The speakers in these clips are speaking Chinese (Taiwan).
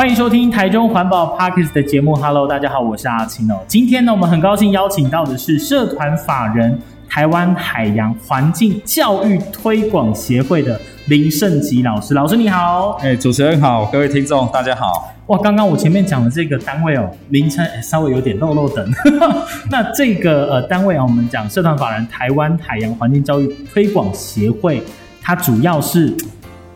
歡迎收聽台中環保 Podcast 的節目。Hello，大家好，我是阿青哦。今天呢，我們很高興邀請到的是社團法人台灣海洋環境教育推廣協會的林勝吉老師。老師你好、欸，主持人好，各位聽眾大家好。哇，剛剛我前面講的這個單位哦，名稱、欸、稍微有點漏漏等。 那這個呃單位啊，我們講社團法人台灣海洋環境教育推廣協會，它主要是。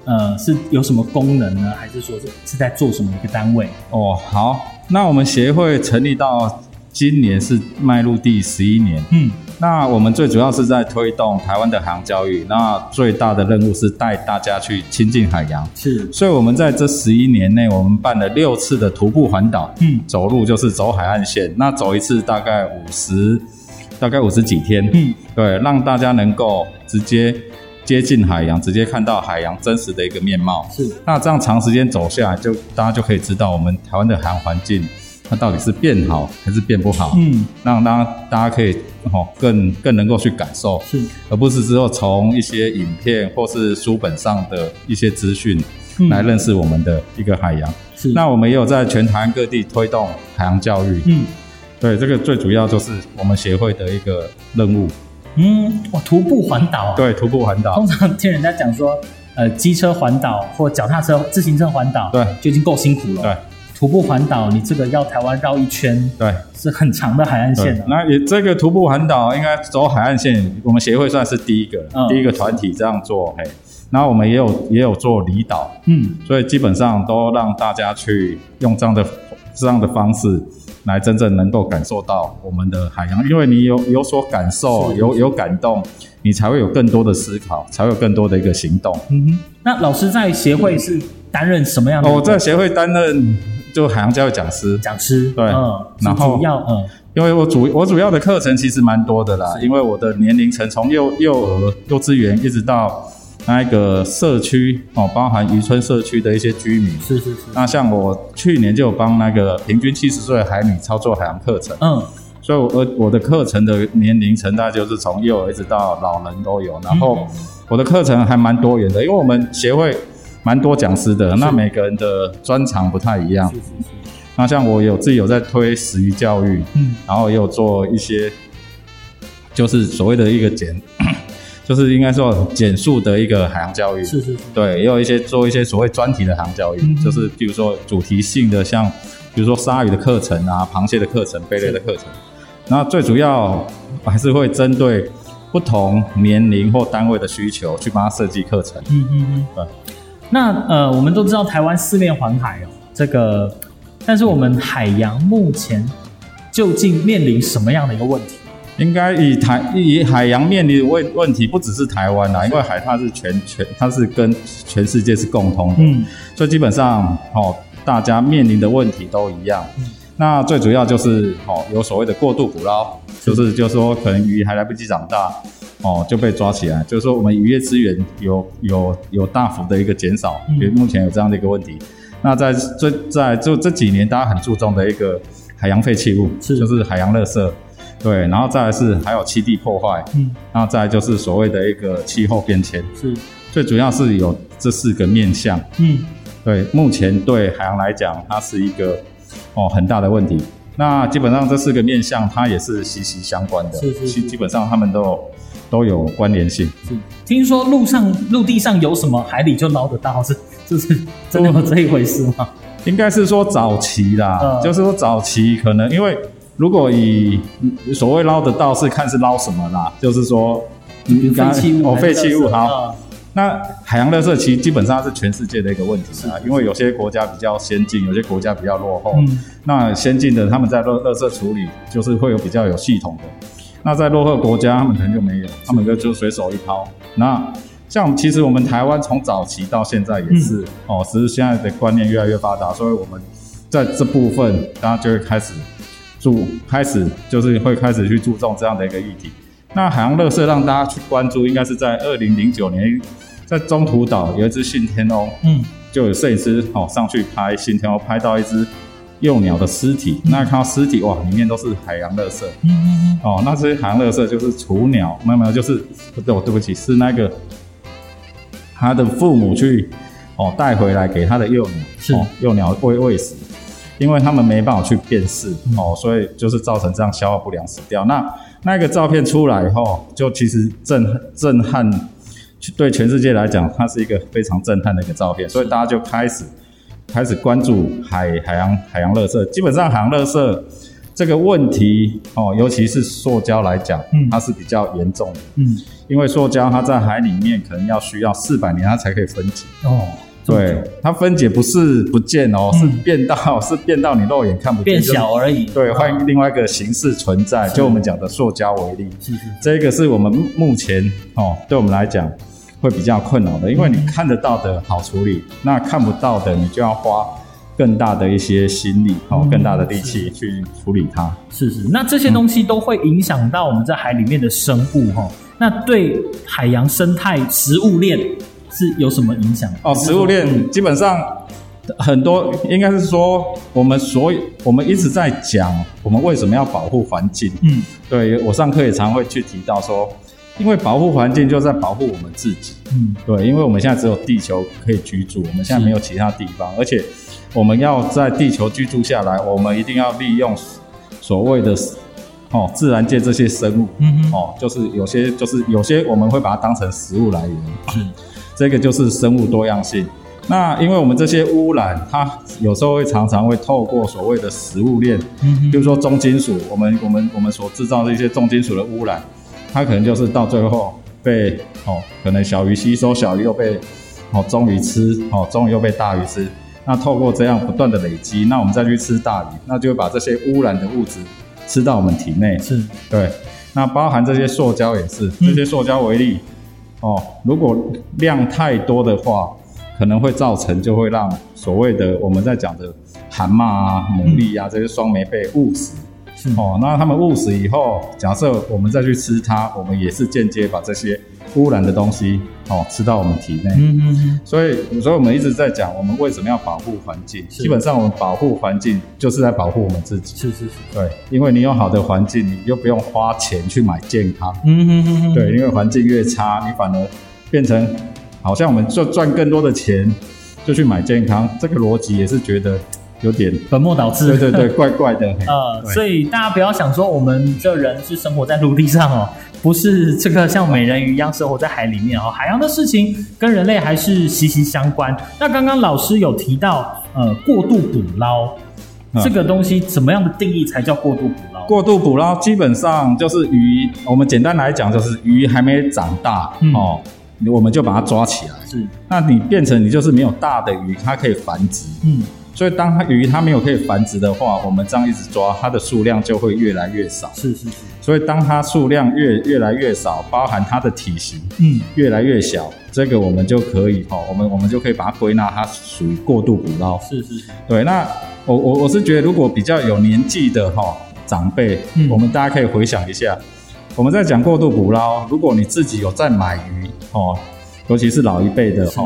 呃，是有什麼功能呢？還是說，是是在做什麼一個單位？哦，好，那我們協會成立到今年是邁入第十一年。嗯，那我們最主要是在推動台灣的海洋教育。那最大的任務是帶大家去親近海洋。是，所以我們在這十一年內，我們辦了六次的徒步環島，嗯，走路就是走海岸線。那走一次大概五十，大概五十幾天。嗯，對，讓大家能夠直接。接近海洋，直接看到海洋真實的一個面貌。是，那這樣長時間走下來就，就大家就可以知道我們台灣的海洋環境，它到底是變好還是變不好？嗯，讓大家大家可以哦更更能夠去感受，是，而不是之後從一些影片或是書本上的一些資訊來認識我們的一個海洋。是、嗯，那我們也有在全台灣各地推動海洋教育。嗯，對，這個最主要就是我們協會的一個任務。嗯，徒步環島、啊。對，徒步環島。通常聽人家講說，呃，機車環島或腳踏車、自行車環島，對，就已經夠辛苦了。對，徒步環島，你這個要台灣繞一圈，對，是很長的海岸線的、啊。那也這個徒步環島，應該走海岸線，我們協會算是第一個，嗯、第一個團體這樣做。嘿，那我們也有也有做離島，嗯，所以基本上都讓大家去用這樣的這樣的方式。來真正能夠感受到我們的海洋，因為你有有所感受，是有有感動，你才會有更多的思考，才會有更多的一個行動。嗯哼，那老師在協會是擔任什麼樣的？我在協會擔任就海洋教育講師，講師對，嗯，然後要嗯，因為我主我主要的課程其實蠻多的啦，是因為我的年齡層從幼幼兒、幼稚園一直到。那一個社區哦，包含漁村社區的一些居民。是是是。那像我去年就有幫那個平均七十歲的海女操作海洋課程。嗯。所以，我我的課程的年齡層，大概就是從幼兒一直到老人都有。然後，我的課程還蠻多元的，因為我們協會蠻多講師的，是那每個人的專長不太一樣。是是是。那像我有自己有在推食魚教育，嗯，然後也有做一些，就是所謂的一個簡。就是應該說減速的一個海洋教育，是是是，對，也有一些做一些所謂專題的海洋教育，嗯、哼就是比如說主題性的像，像比如說鯊魚的課程啊、螃蟹的課程、貝類的課程，那是最主要還是會針對不同年齡或單位的需求去幫他設計課程。嗯嗯嗯。對，那呃，我們都知道台灣四面環海哦、喔，這個，但是我們海洋目前究竟面臨什麼樣的一個問題？應該以台以海洋面臨的問問題不只是台灣啦，是因為海它是全全它是跟全世界是共通的，嗯，所以基本上哦，大家面臨的問題都一樣，嗯，那最主要就是哦有所謂的過度捕撈，是就是就是說可能魚還來不及長大哦就被抓起來，就是說我們漁業資源有有有大幅的一個減少，嗯，目前有這樣的一個問題，嗯，那在最在就這幾年大家很注重的一個海洋廢棄物，是就是海洋垃圾。對，然後再來是還有棲地破壞，嗯，然後再來就是所謂的一個氣候變遷，是，最主要是有這四個面向，嗯，對，目前對海洋來講，它是一個哦很大的問題。那基本上這四個面向，它也是息息相關的，是是，是是，基本上它們都有都有關聯性。是，聽說陸上陸地上有什麼海裡就撈得到，是就是真的有這一回事嗎？應該是說早期啦，嗯，就是說早期可能因為。如果以所謂撈得到是看是撈什麼啦，就是說，哦，廢棄物好，那海洋垃圾其實基本上是全世界的一個問題啊，因為有些國家比較先進，有些國家比較落後。那先進的他們在垃垃圾處理就是會有比較有系統的，那在落後國家他們可能就沒有，他們就就隨手一拋。那像其實我們台灣從早期到現在也是哦，只是現在的觀念越來越發達，所以我們在這部分大家就會開始。注開始就是會開始去注重這樣的一個議題。那海洋垃圾讓大家去關注，應該是在二零零九年，在中途島有一隻信天翁。嗯，就有攝影師哦上去拍信天翁，拍到一隻幼鳥的屍體。嗯、那看到屍體哇，裡面都是海洋垃圾，嗯嗯嗯，哦，那這些海洋垃圾就是雛鳥，那麼就是不對，我對不起，是那個他的父母去哦帶回來給他的幼鳥，是、哦、幼鳥餵餵食。因為他們沒辦法去辨識哦，嗯、所以就是造成這樣消化不良死掉。那那個照片出來以後，就其實震撼震撼，對全世界來講，它是一個非常震撼的一個照片。是所以大家就開始開始關注海海洋海洋垃圾。基本上，海洋垃圾這個問題哦，尤其是塑膠來講，嗯、它是比較嚴重的。嗯，因為塑膠它在海裡面可能要需要四百年它才可以分解哦。對，它分解不是不見哦，是變到是變到你肉眼看不見，變小而已。對，換另外一個形式存在。就我們講的塑膠為例，是是，這個是我們目前對我們來講會比較困擾的，因為你看得到的好處理，那看不到的你就要花更大的一些心力，哦，更大的力氣去處理它。是是，那這些東西都會影響到我們在海裡面的生物哈，那對海洋生態食物鏈。是有什麼影響？哦，食物鏈基本上很多，應該是說我們所以我們一直在講，我們為什麼要保護環境？嗯，對，我上課也常會去提到說，因為保護環境就是在保護我們自己。嗯，對，因為我們現在只有地球可以居住，我們現在沒有其他地方，是而且我們要在地球居住下來，我們一定要利用所謂的哦自然界這些生物，嗯哼，哦，就是有些就是有些我們會把它當成食物來源。這個就是生物多樣性。那因為我們這些污染，它有時候會常常會透過所謂的食物鏈，嗯、哼比如說重金屬，我們我們我們所製造的一些重金屬的污染，它可能就是到最後被哦，可能小魚吸收，小魚又被哦中魚吃，哦中魚又被大魚吃，那透過這樣不斷的累積，那我們再去吃大魚，那就會把這些污染的物質吃到我們體內。是對。那包含這些塑膠也是，嗯、這些塑膠微粒。哦，如果量太多的話，可能會造成，就會讓所謂的我們在講的蛤蜊啊、牡蠣啊這些雙眉被誤食。哦，那他們誤食以後，假設我們再去吃它，我們也是間接把這些污染的東西，哦，吃到我們體內。嗯嗯嗯。所以，所以我們一直在講，我們為什麼要保護環境？是基本上，我們保護環境就是在保護我們自己。是是是。對，因為你有好的環境，你又不用花錢去買健康。嗯嗯嗯，嗯對，因為環境越差，你反而變成好像我們賺賺更多的錢就去買健康，這個邏輯也是覺得。有點本末倒置，對對對，怪怪的。 呃，所以大家不要想說，我們這人是生活在陸地上哦、喔，不是這個像美人魚一樣生活在海裡面哦、喔。海洋的事情跟人類還是息息相關。那剛剛老師有提到，呃，過度捕撈，嗯、這個東西怎麼樣的定義才叫過度捕撈？過度捕撈基本上就是魚，我們簡單來講就是魚還沒長大哦、嗯喔，我們就把它抓起來。是，那你變成你就是沒有大的魚，它可以繁殖。嗯。所以，當它魚它沒有可以繁殖的話，我們這樣一直抓，它的數量就會越來越少。是是是。所以，當它數量越越來越少，包含它的體型，嗯，越來越小，嗯、這個我們就可以哈，我們我們就可以把它歸納，它屬於過度捕撈。是是對，那我我我是覺得，如果比較有年紀的哈長輩，嗯，我們大家可以回想一下，我們在講過度捕撈，如果你自己有在買魚哦，尤其是老一輩的是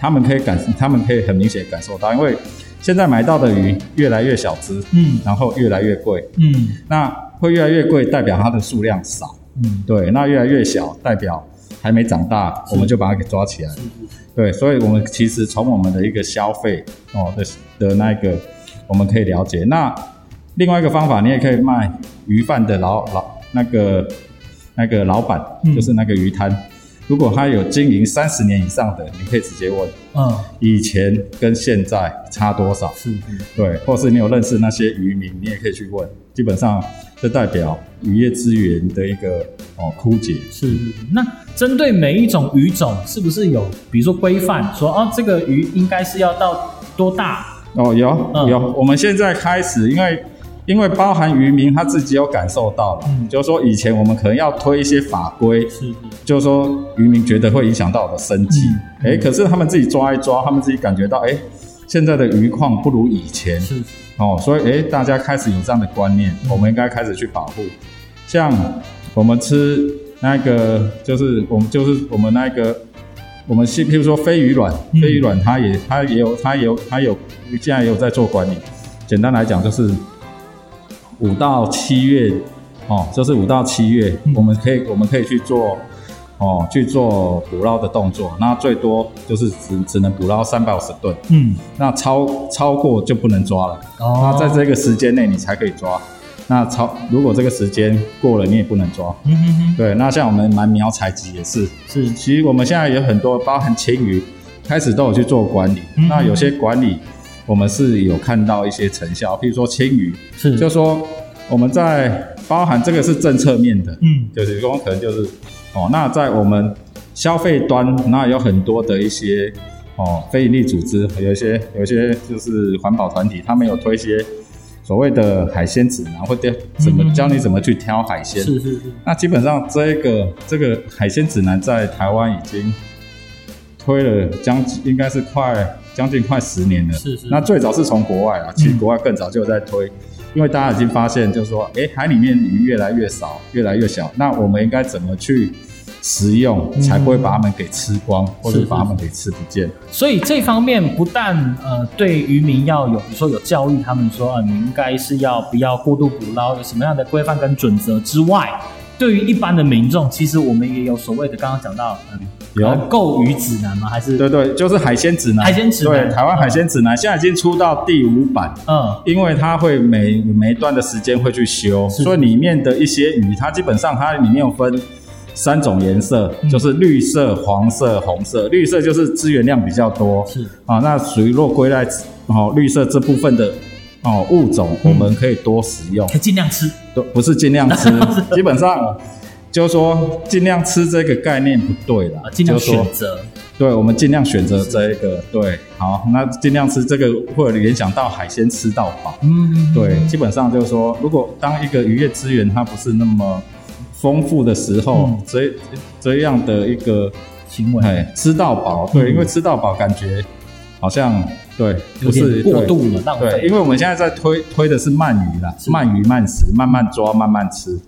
他們可以感，他們可以很明顯感受到，因為。現在買到的魚越來越小只，嗯，然後越來越貴，嗯，那會越來越貴，代表它的數量少，嗯，對，那越來越小，代表還沒長大，是我們就把它給抓起來，是是是是對，所以我們其實從我們的一個消費哦的的那個，我們可以了解。那另外一個方法，你也可以賣魚販的老老那個那個老板，嗯，就是那個魚攤。如果他有經營三十年以上的，你可以直接問，嗯，以前跟現在差多少？是，嗯、對，或是你有認識那些漁民，你也可以去問。基本上，這代表漁業資源的一個哦枯竭。是，那針對每一種魚種，是不是有，比如說規範說，啊這個魚應該是要到多大？哦，有，嗯、有。我們現在開始，因為。因為包含漁民他自己有感受到了，就是說以前我們可能要推一些法規，就是說漁民覺得會影響到我的生計，哎，可是他們自己抓一抓，他們自己感覺到，哎，現在的魚況不如以前，是哦，所以哎、欸，大家開始有這樣的觀念，我們應該開始去保護。像我們吃那個，就是我們就是我們那個，我們是譬如說飛魚卵，飛魚卵它也它也有它有它有，現在也有在做管理。簡單來講就是。五到七月，哦，就是五到七月，嗯、我們可以我們可以去做，哦，去做捕撈的動作。那最多就是只只能捕撈三百五十噸，嗯，那超超過就不能抓了。哦、那在這個時間內你才可以抓，那超如果這個時間過了你也不能抓。嗯哼對。那像我們鰻苗採集也是，是其實我們現在有很多包含青魚，開始都有去做管理，嗯、哼那有些管理。我們是有看到一些成效，譬如說青魚，是就是說我們在包含這個是政策面的，嗯，就是說可能就是哦，那在我們消費端，那有很多的一些哦非營利組織，有一些有一些就是環保團體，他們有推一些所謂的海鮮指南，或者怎麼教你怎麼去挑海鮮，嗯嗯，是是是。那基本上這個這個海鮮指南在台灣已經推了將近，應該是快。將近快十年了，是是。那最早是從國外啊，是是其實國外更早就有在推，嗯、因為大家已經發現，就是說，哎、欸，海裡面魚越來越少，越來越小，那我們應該怎麼去食用，才不會把它們給吃光，嗯嗯，或者把它們給吃不見？是是是。所以這方面不但呃，對漁民要有，比如說有教育他們說，你應該是要不要過度捕撈，有什麼樣的規範跟準則之外，對於一般的民眾，其實我們也有所謂的，剛剛講到。嗯有購魚指南嗎？還是對對，就是海鮮指南。海鮮指南，對，台灣海鮮指南，現在已經出到第五版。嗯，因為它會每每一段的時間會去修，所以裡面的一些魚，它基本上它裡面有分三種顏色，就是綠色、黃色、紅色。綠色就是資源量比較多，是啊，那屬於落歸在哦，綠色這部分的哦物種，我們可以多食用，可盡量吃，不不是盡量吃，基本上。就是說，盡量吃這個概念不對了。啊，盡量選擇。對，我們盡量選擇這一個。對，好，那盡量吃這個，會聯想到海鮮，吃到飽。嗯，對，基本上就是說，如果當一個漁業資源它不是那麼豐富的時候，所以這樣的一個行為，吃到飽，對，因為吃到飽感覺好像對，不是過度了浪費。因為我們現在在推推的是鰻魚啦，鰻魚慢食，慢慢抓，慢慢吃。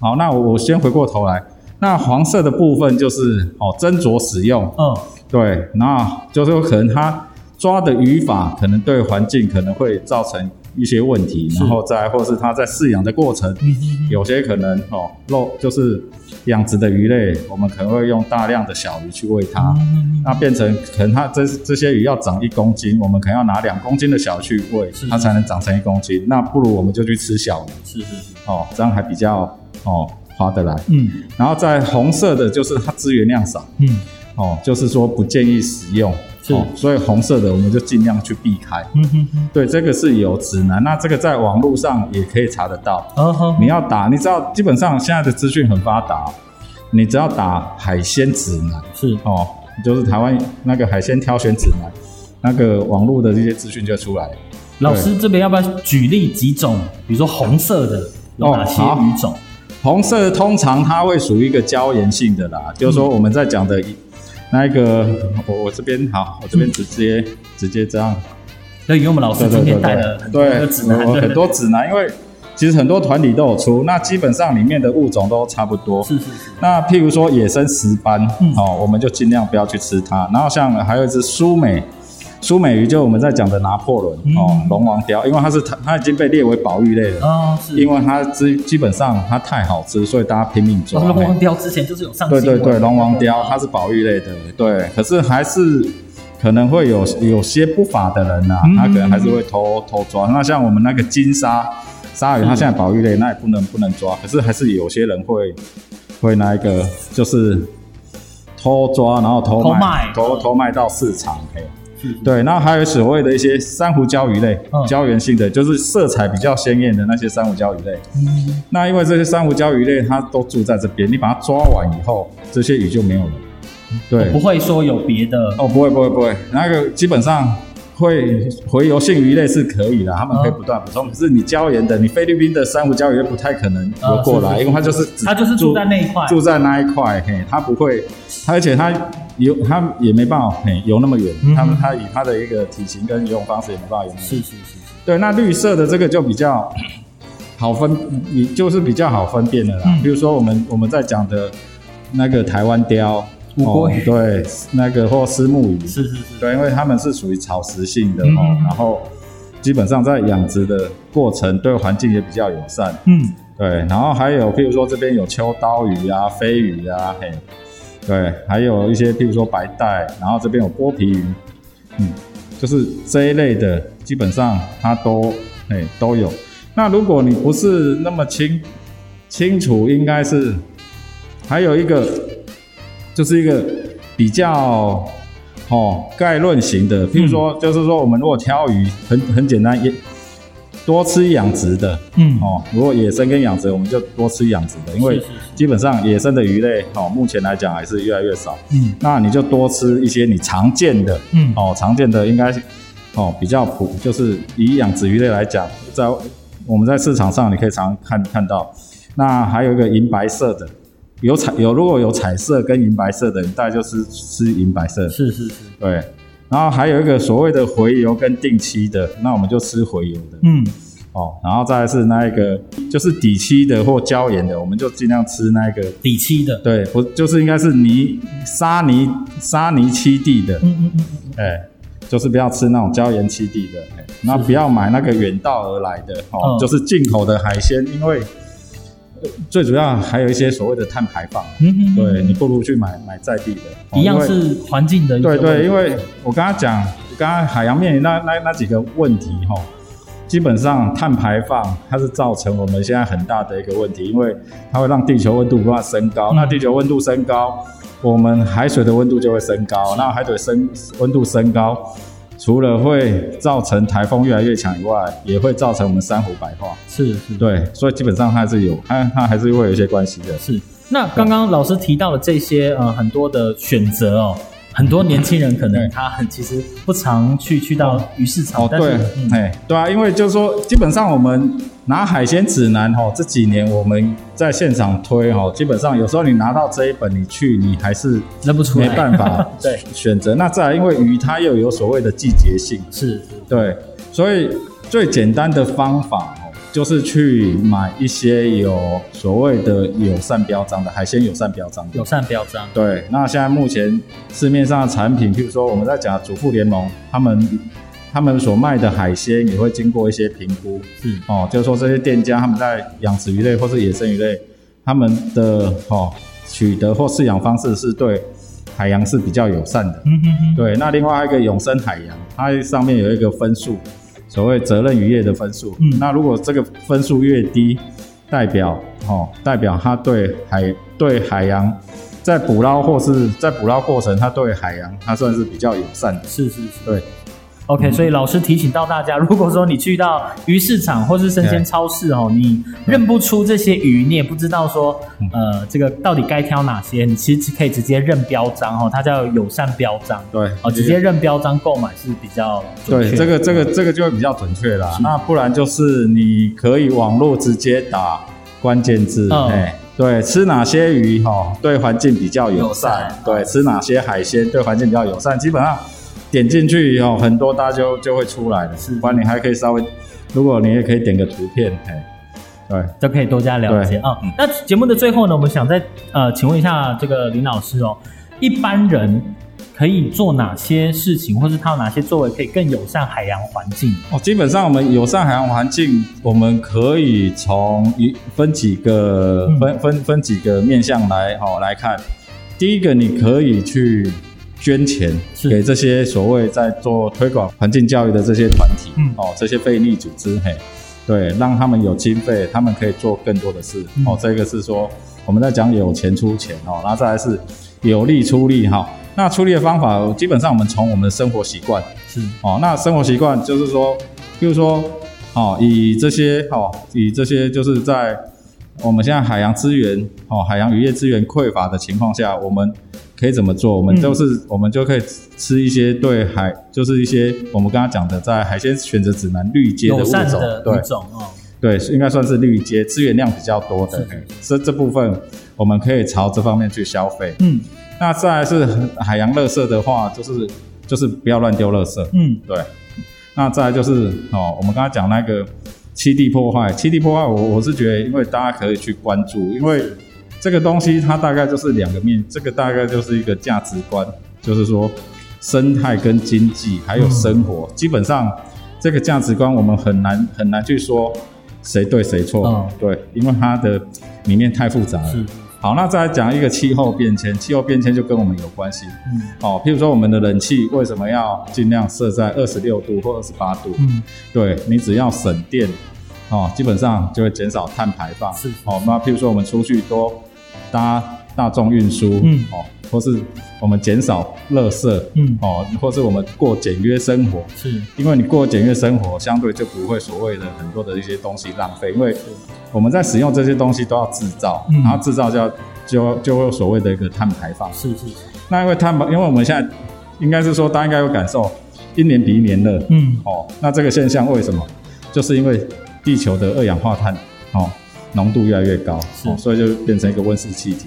好，那我我先回過頭來，那黃色的部分就是哦，斟酌使用。嗯，對，那就是說可能它抓的漁法可能對環境可能會造成一些問題，是然後再或者是它在飼養的過程，嗯、哼有些可能哦，肉就是養殖的魚類，我們可能會用大量的小魚去餵它，嗯、哼那變成可能它這這些魚要長一公斤，我們可能要拿兩公斤的小魚去餵是它才能長成一公斤，那不如我們就去吃小魚，是是是，哦，這樣還比較。哦，划得來。嗯，然後在紅色的就是它資源量少。嗯，哦，就是說不建議使用。是、哦，所以紅色的我們就盡量去避開。嗯哼，哼，對，這個是有指南，那這個在網絡上也可以查得到。哦、哼，你要打，你知道，基本上現在的資訊很發達，你只要打“海鮮指南”是哦，就是台灣那個海鮮挑選指南，那個網絡的這些資訊就出來。老師對這邊要不要舉例幾種？比如說紅色的有哪些魚種？哦紅色通常它會屬於一個椒鹽性的啦，就是說我們在講的、嗯、那一個，我我這邊好，我這邊直接、嗯、直接這樣。那因為我們老師今天帶了很多指南，很多指南，因為其實很多團體都有出，對對對，那基本上裡面的物種都差不多。是是是是，那譬如說野生石斑，哦、嗯喔，我們就盡量不要去吃它。然後像還有一隻蘇美。蘇美魚就我們在講的拿破崙哦，龍王鯛，因為它是它它已經被列為保育類了，哦、是的，因為它基基本上它太好吃，所以大家拼命抓。龍、哦、王鯛之前就是有上新聞，對對對，龍王鯛它吧是保育類的，對。可是還是可能會有對有些不法的人吶、啊，他可能還是會偷偷抓。嗯嗯嗯，那像我們那個金鯊鯊魚，它現在保育類，那也不能不能抓。可是還是有些人會會那個就是偷抓，然後偷賣，偷賣偷，偷賣到市場。可、欸、以。是對，然後還有所謂的一些珊瑚礁魚類，礁原性的、嗯、就是色彩比較鮮豔的那些珊瑚礁魚類。嗯、那因為這些珊瑚礁魚類，它都住在這邊，你把它抓完以後，這些魚就沒有了。對，不會說有別的哦，不會不會不會，那個基本上會回游性魚類是可以的，它們可以不斷補充。嗯、可是你礁原的，你菲律賓的珊瑚礁魚類不太可能游過來，嗯、是是是，因為它就是它就是住在那一塊，住在那一塊，嘿，它不會，它而且它。游，它也沒辦法游那麼遠，嗯嗯，它們它以它的一個體型跟游泳方式也沒辦法游那麼遠。是是是。是，對，那綠色的這個就比較好分，也就是比較好分辨的啦。嗯、比如說我們我們在講的那個台灣鯛，吳郭魚、嗯哦，對，那個或虱目魚，是是是。是是，對，因為它們是屬於草食性的哦，嗯、然後基本上在養殖的過程對環境也比較友善。嗯，對。然後還有，比如說這邊有秋刀魚啊、飛魚啊，對，還有一些，譬如說白帶，然後這邊有剝皮魚，嗯，就是這一類的，基本上它都，哎，都有。那如果你不是那麼清清楚，應該是還有一個，就是一個比較哦概論型的，譬如說，嗯，就是說我們如果挑魚很很簡單一。多吃養殖的，嗯哦，如果野生跟養殖，我們就多吃養殖的，因為基本上野生的魚類，哦，目前來講還是越來越少。嗯，那你就多吃一些你常見的，嗯哦，常見的應該哦比較普，就是以養殖魚類來講，在我們在市場上你可以常看看到。那還有一個銀白色的，有彩有如果有彩色跟銀白色的，你大概就是吃銀白色的，是是是，對。然後還有一個所謂的洄游跟定棲的，那我們就吃洄游的。嗯，哦，然後再來是那一個就是底棲的或礁岩的，我們就盡量吃那個底棲的。對，不就是應該是泥沙泥沙泥棲地的。嗯嗯嗯嗯，哎、嗯嗯欸，就是不要吃那種礁岩棲地的，那、欸、是不要買那個遠道而來的哦，嗯、就是進口的海鮮，因為。最主要還有一些所謂的碳排放，嗯哼，嗯，對，你不如去買買在地的，一樣是環境的一。對對，因為我剛剛講，剛剛海洋面臨那那那幾個問題，基本上碳排放它是造成我們現在很大的一個問題，因為它會讓地球溫度不斷升高，嗯、那地球溫度升高，我們海水的溫度就會升高，那是海水升溫度升高。除了會造成台風越來越強以外，也會造成我們珊瑚白化。是，是對，所以基本上它還是有，它它還是會有一些關係的。是，那剛剛老師提到的這些，呃，很多的選擇哦，很多年輕人可能他很對其實不常去去到魚市場。哦對，是嗯、對，對啊，因為就是說，基本上我們。拿海鮮指南這幾年我們在現場推哦，基本上有時候你拿到這一本，你去你還是認不出沒辦法，對，選擇。那再來因為魚它又有所謂的季節性，是，對，所以最簡單的方法哦，就是去買一些有所謂的友善標章的海鮮，友善標章，友善標章，對。那現在目前市面上的產品，譬如說我們在講主婦聯盟，他們。他們所賣的海鮮也會經過一些評估，嗯是哦，就是說這些店家他們在養殖魚類或是野生魚類，他們的哦取得或飼養方式是對海洋是比較友善的，嗯嗯嗯。對，那另外一個永生海洋，它上面有一個分數，所謂責任漁業的分數，嗯，那如果這個分數越低，代表哦代表它對海對海洋在捕撈或是在捕撈過程，它對海洋它算是比較友善的，是是是，對。OK，所以老師提醒到大家，如果說你去到魚市場或是生鮮超市哦，你認不出這些魚，你也不知道說，呃，這個到底該挑哪些，你其實可以直接認標章哦，它叫友善標章，對，直接認標章購買是比較準確，對，這個這個這個就會比較準確啦。那不然就是你可以網絡直接打關鍵字，哎，對，吃哪些魚哈，對環境比較友善，對，吃哪些海鮮對環境比較友善，基本上。點進去以後，很多大家就，就會出來的，是。不然你還可以稍微，如果你也可以點個圖片，哎，對，都可以多加了解啊。那節目的最後呢，我們想再呃，請問一下這個林老師哦，一般人可以做哪些事情，或是他有哪些作為可以更友善海洋環境？哦，基本上我們友善海洋環境，我們可以從一分幾個分、嗯、分分，分幾個面向來好、哦、來看。第一個，你可以去。捐錢給這些所謂在做推廣環境教育的這些團體，是哦，這些非營利組織，嘿，對，讓他們有經費，他們可以做更多的事。嗯、哦，這個是說我們在講有錢出錢哦，那再來是有力出力哈、哦。那出力的方法，基本上我們從我們的生活習慣是哦，那生活習慣就是說，比如說哦，以這些哦，以這些就是在。我們現在海洋資源哦，海洋漁業資源匱乏的情況下，我們可以怎麼做？我們就是、嗯、我們就可以吃一些對海，就是一些我們剛剛講的，在海鮮選擇指南綠階的物種，的物種對，對，對應該算是綠階，資源量比較多的，這的這部分我們可以朝這方面去消費。嗯，那再來是海洋垃圾的話，就是就是不要亂丟垃圾。嗯，對。那再來就是哦，我們剛剛講那個。棲地破壞，棲地破壞，我我是覺得，因為大家可以去關注，因為這個東西它大概就是兩個面，這個大概就是一個價值觀，就是說生態跟經濟還有生活，嗯、基本上這個價值觀我們很難很難去說誰對誰錯，嗯、對，因為它的裡面太複雜了。好，那再來講一個氣候變遷，氣候變遷就跟我們有關係。嗯，哦，譬如說我們的冷氣為什麼要盡量設在二十六度或二十八度？嗯，對，你只要省電，哦，基本上就會減少碳排放。是，哦，那譬如說我們出去多搭大眾運輸。嗯，哦。或是我們減少垃圾，嗯，哦，或是我們過簡約生活，是，因為你過簡約生活，相對就不會所謂的很多的一些東西浪費。是因為我們在使用這些東西都要制造，嗯、然後制造就要就就會有所謂的一個碳排放，是，是是。那因為碳，因為我們現在應該是說，大家應該有感受，一年比一年熱，嗯，哦，那這個現象為什麼？就是因為地球的二氧化碳，哦，濃度越來越高是、哦，所以就變成一個溫室氣體，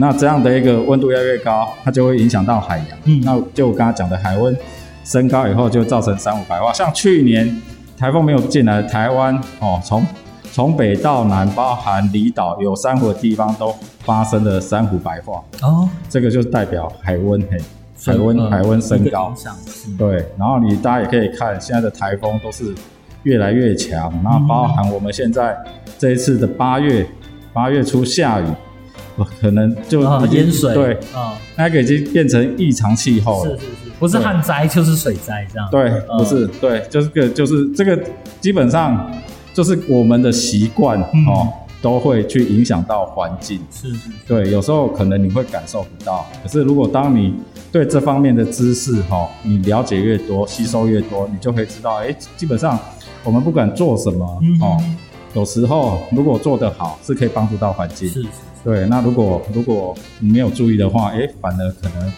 那這樣的一個溫度要越，越高，它就會影響到海洋。嗯，那就我剛剛講的海溫升高以後，就造成珊瑚白化。像去年台風沒有進來，台灣哦，從從北到南，包含離島有珊瑚的地方都發生了珊瑚白化。哦，這個就是代表海溫很、欸、海溫、嗯、海溫升高。對，然後你大家也可以看現在的台風都是越來越強。那包含我們現在、嗯、哼這一次的八月八月初下雨。可能就淹水，對，嗯，那個已經變成異常氣候了，哦。哦、候了是是是，不是旱災就是水災這樣對。哦、對，不是，對，就是這個，就是這個，基本上就是我們的習慣哦，嗯、都會去影響到環境。是是、嗯，對，有時候可能你會感受不到，可是如果當你對這方面的知識哈、哦，你了解越多，吸收越多，你就可以知道，哎、欸，基本上我們不管做什麼、嗯、哼哼哦，有時候如果做得好，是可以幫助到環境。是，是。對，那如果如果你沒有注意的話，哎，反而可能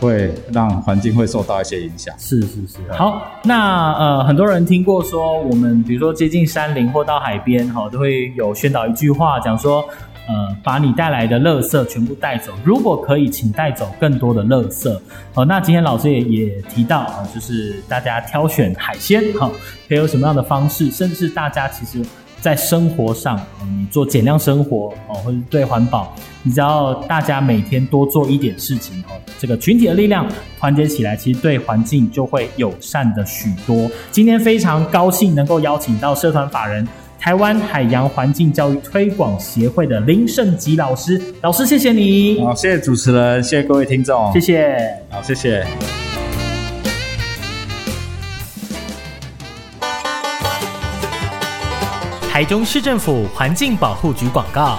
會讓環境會受到一些影響。是是是。是是好，那呃，很多人聽過說，我們比如說接近山林或到海邊，哈、哦，都會有宣導一句話，講說，呃，把你帶來的垃圾全部帶走，如果可以，請帶走更多的垃圾。哦，那今天老師也也提到、哦、就是大家挑選海鮮，哈、哦，可以有什麼樣的方式，甚至是大家其實。在生活上，你做減量生活哦，或者對環保，你只要大家每天多做一點事情哦，這個群體的力量團結起來，其實對環境就會友善的許多。今天非常高興能夠邀請到社團法人台灣海洋環境教育推廣協會的林勝吉老師，老師謝謝你。好，謝謝主持人，謝謝各位聽眾，謝謝。好，謝謝。台中市政府環境保護局廣告。